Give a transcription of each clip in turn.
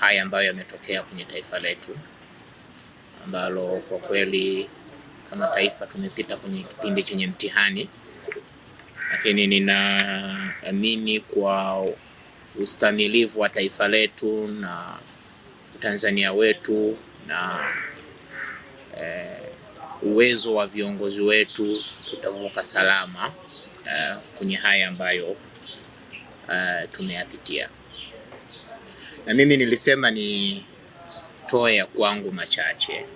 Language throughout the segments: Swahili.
haya ambayo yametokea kwenye taifa letu ambalo kwa kweli kama taifa tumepita kwenye kipindi chenye mtihani, lakini ninaamini kwa ustamilivu wa taifa letu na Tanzania wetu na eh, uwezo wa viongozi wetu tutavuka salama eh, kwenye haya ambayo eh, tumeyapitia na mimi nilisema nitoe ya kwangu machache.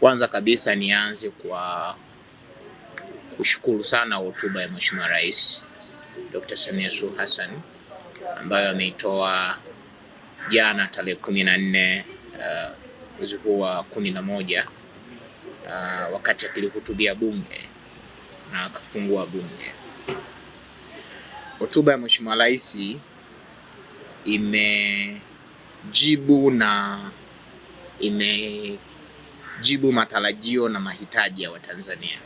Kwanza kabisa nianze kwa kushukuru sana hotuba ya Mheshimiwa Rais Dr. Samia Suluhu Hassan ambayo ameitoa jana tarehe kumi na nne uh, mwezi uh, huu wa kumi na moja uh, wakati akilihutubia bunge na akafungua bunge. Hotuba ya Mheshimiwa Rais imejibu na imejibu matarajio na mahitaji ya Watanzania.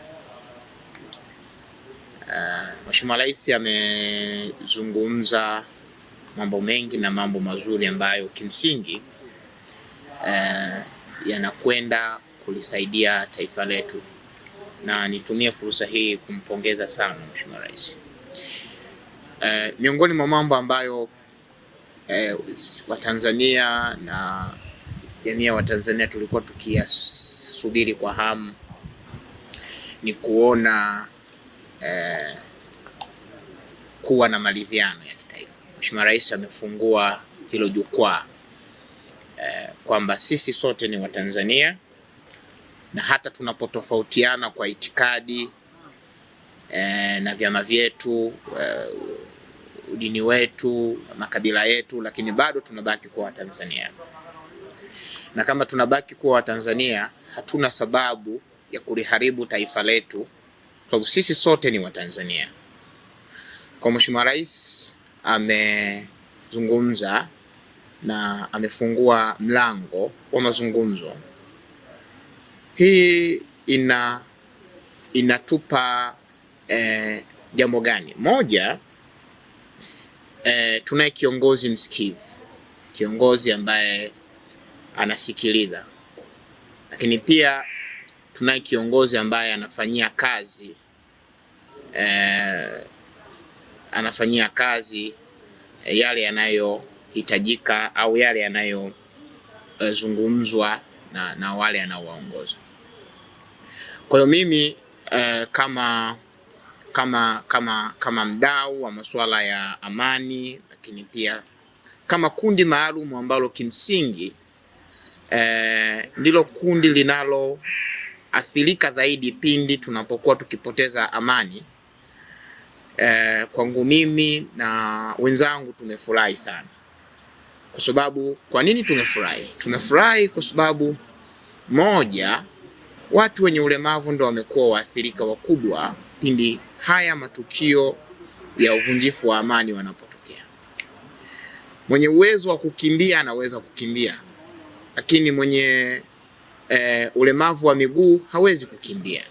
Uh, Mheshimiwa Rais amezungumza mambo mengi na mambo mazuri ambayo kimsingi uh, yanakwenda kulisaidia taifa letu, na nitumie fursa hii kumpongeza sana Mheshimiwa Rais. Uh, miongoni mwa mambo ambayo eh, Watanzania na jamii ya Watanzania tulikuwa tukiyasubiri kwa hamu ni kuona eh, kuwa na maridhiano ya kitaifa. Mheshimiwa Rais amefungua hilo jukwaa eh, kwamba sisi sote ni Watanzania na hata tunapotofautiana kwa itikadi eh, na vyama vyetu eh, udini wetu, makabila yetu, lakini bado tunabaki kuwa Watanzania. Na kama tunabaki kuwa Watanzania, hatuna sababu ya kuliharibu taifa letu, sababu sisi sote ni Watanzania. Kwa Mheshimiwa Rais amezungumza na amefungua mlango wa mazungumzo. Hii ina inatupa eh, jambo gani? Moja eh, tunaye kiongozi msikivu, kiongozi ambaye anasikiliza, lakini pia tunaye kiongozi ambaye anafanyia kazi eh, anafanyia kazi eh, yale yanayohitajika au yale yanayozungumzwa eh, na, na wale anaowaongoza. Kwa hiyo mimi eh, kama kama, kama, kama mdau wa masuala ya amani, lakini pia kama kundi maalum ambalo kimsingi eh, ndilo eh, kundi linaloathirika zaidi pindi tunapokuwa tukipoteza amani. Eh, kwangu mimi na wenzangu tumefurahi sana kwa sababu, kwa nini tumefurahi? Tumefurahi kwa sababu moja, watu wenye ulemavu ndo wamekuwa waathirika wakubwa pindi haya matukio ya uvunjifu wa amani wanapotokea. Mwenye uwezo wa kukimbia anaweza kukimbia, lakini mwenye e, ulemavu wa miguu hawezi kukimbia.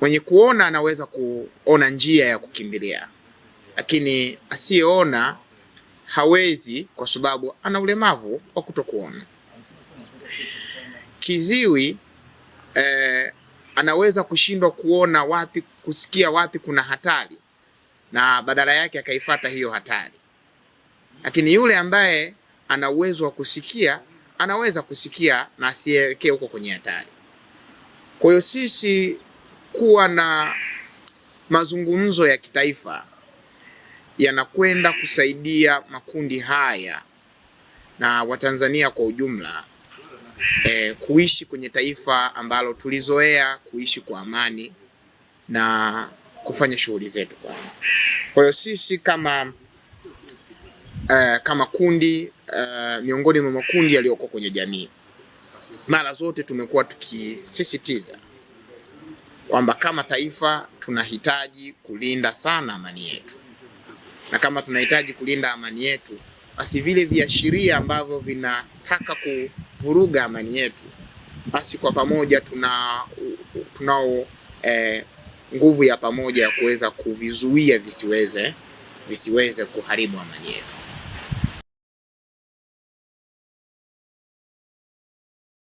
Mwenye kuona anaweza kuona njia ya kukimbilia, lakini asiyeona hawezi kwa sababu ana ulemavu wa kutokuona. Kiziwi eh, anaweza kushindwa kuona wapi, kusikia wapi kuna hatari, na badala yake akaifata hiyo hatari. Lakini yule ambaye ana uwezo wa kusikia anaweza kusikia na asielekee huko kwenye hatari. Kwa hiyo sisi kuwa na mazungumzo ya kitaifa yanakwenda kusaidia makundi haya na Watanzania kwa ujumla eh, kuishi kwenye taifa ambalo tulizoea kuishi kwa amani na kufanya shughuli zetu kwa hiyo sisi kama eh, kama kundi eh, miongoni mwa makundi yaliyoko kwenye jamii, mara zote tumekuwa tukisisitiza kwamba kama taifa tunahitaji kulinda sana amani yetu, na kama tunahitaji kulinda amani yetu, basi vile viashiria ambavyo vinataka ku kuvuruga amani yetu, basi kwa pamoja tuna tunao eh, nguvu ya pamoja ya kuweza kuvizuia visiweze visiweze kuharibu amani yetu.